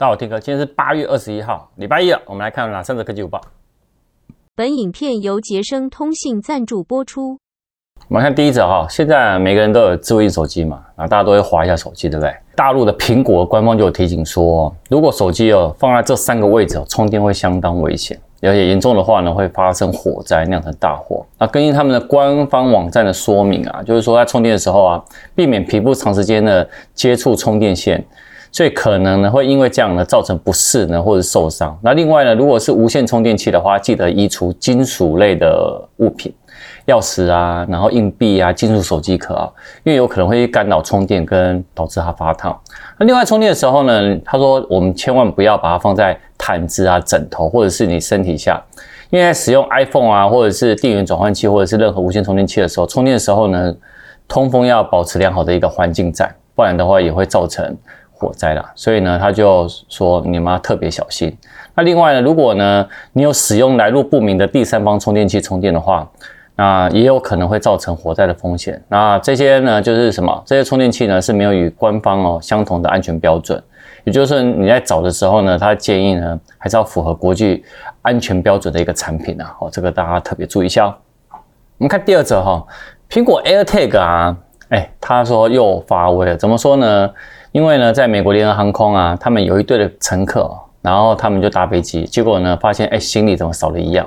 大家好，Tim 哥，今天是八月二十一號，禮拜一了。我們來看哪三則科技午報。本影片由傑生通信贊助播出。我們看第一則哈，現在每個人都有智慧型手機嘛，啊，大家都會滑一下手機，對不對？大陸的蘋果官方就有提醒說，如果手機哦放在這三個位置充電會相當危險，而且嚴重的話呢會發生火災釀成大禍。那根據他們的官方網站的說明啊，就是說在充電的時候啊，避免皮膚長時間的接觸充電線。所以可能呢會因為這樣呢造成不適呢，或者是受傷。那另外呢，如果是無線充電器的話，記得移除金屬類的物品，鑰匙啊，然後硬幣啊，金屬手機殼啊，因為有可能會干擾充電跟導致它發燙。那另外充電的時候呢，他說我們千萬不要把它放在毯子、啊、枕頭或者是你身體下，因為在使用 iPhone 啊或者是電源轉換器或者是任何無線充電器的時候，充電的時候呢通風要保持良好的一個環境在，不然的話也會造成火災了，所以呢，他就說你們要特別小心。那另外呢，如果呢你有使用來路不明的第三方充電器充電的話，那也有可能會造成火災的風險。那這些呢，就是什麼？這些充電器呢是沒有與官方哦相同的安全標準。也就是說，你在找的時候呢，他建議呢還是要符合國際安全標準的一個產品呢、啊。哦，這個大家特別注意一下、哦、我們看第二則、哦，哈，蘋果 AirTag 啊，哎，他說又發威了，怎麼說呢？因為呢，在美國聯合航空啊，他們有一隊的乘客，然後他們就搭飛機，結果呢，發現哎，行李怎麼少了一樣？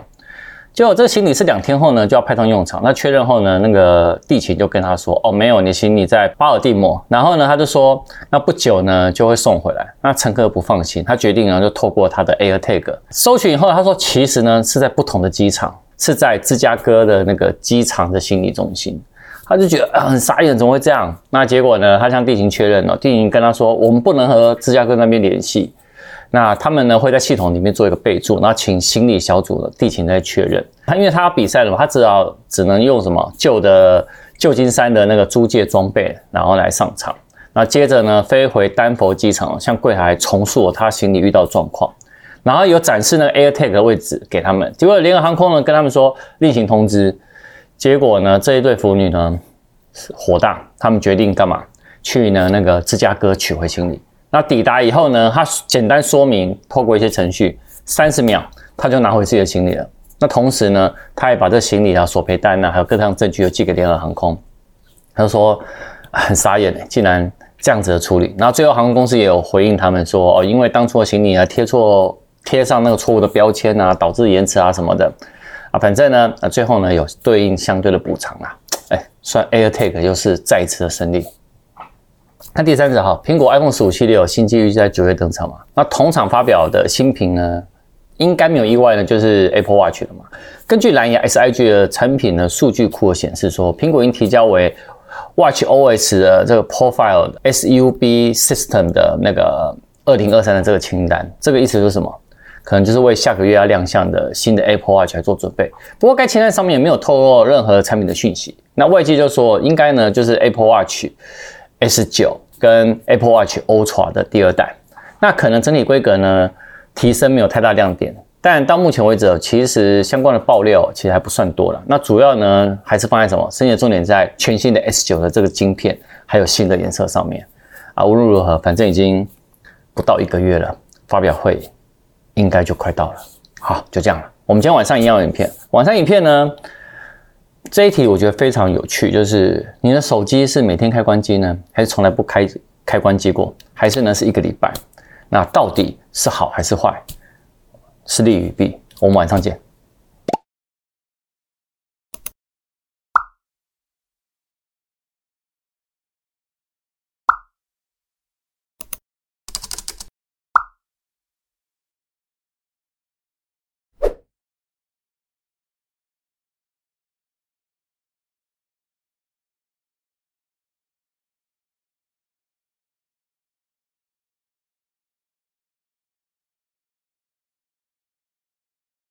結果這個行李是兩天後呢就要派上用場。那確認後呢，那個地勤就跟他說，哦，沒有，你行李在巴爾的摩。然後呢，他就說，那不久呢就會送回來。那乘客不放心，他決定呢就透過他的 AirTag 搜尋以後，他說其實呢是在不同的機場，是在芝加哥的那個機場的行李中心。他就覺得、啊、很傻眼，怎麼會這樣？那結果呢？他向地勤確認了，地勤跟他說：“我們不能和芝加哥那邊聯繫。”那他們呢會在系統裡面做一個備注，然後請行李小組的地勤再確認。他、啊、因為他要比賽了嘛，他只要只能用什麼舊的舊金山的那個租借裝備，然後來上場。那接着呢飛回丹佛機場，向櫃台重述他行李遇到狀況，然後有展示那個 AirTag 的位置給他們。結果聯合航空呢跟他們說另行通知。結果呢，這一對婦女呢是火大，他們決定幹嘛？去呢那個芝加哥取回行李。那抵達以後呢，他簡單說明，透過一些程序，三十秒他就拿回自己的行李了。那同時呢，他也把這行李啊、索賠單吶、啊，還有各項證據又寄給聯合航空。他說很傻眼，竟然這樣子的處理。那然後最後航空公司也有回應他們說，哦，因為當初的行李啊貼錯，貼上那個錯誤的標籤啊，導致延遲啊什麼的。啊，反正呢，啊，最後呢有對應相對的補償啦，哎，算 AirTag 又是再一次的勝利。看第三者哈，蘋果 iPhone 十五系列新機預計在九月登場嘛，那同場發表的新品呢，應該沒有意外呢，就是 Apple Watch 了嘛。根據藍牙 SIG 的產品呢的數據庫顯示說，蘋果已經提交為 WatchOS 的這個 Profile Subsystem 的那個二零二三的這個清單，這個意思是什麼？可能就是為下個月要亮相的新的 Apple Watch 來做準備。不過，該清單上面也沒有透露任何產品的訊息。那外界就說，應該呢就是 Apple Watch S9 跟 Apple Watch Ultra 的第二代。那可能整體規格呢提升沒有太大亮點。但到目前為止，其實相關的爆料其實還不算多了。那主要呢還是放在什麼？升級的重點在全新的 S9 的這個晶片，還有新的顏色上面。啊，無論如何，反正已經不到一個月了，發表會。應該就快到了。好，就這樣了。我們今天晚上一樣有影片，晚上影片呢？這一題我覺得非常有趣，就是你的手機是每天開關機呢，還是從來不開開關機過，還是呢是一個禮拜？那到底是好還是壞？是利與弊？我們晚上見。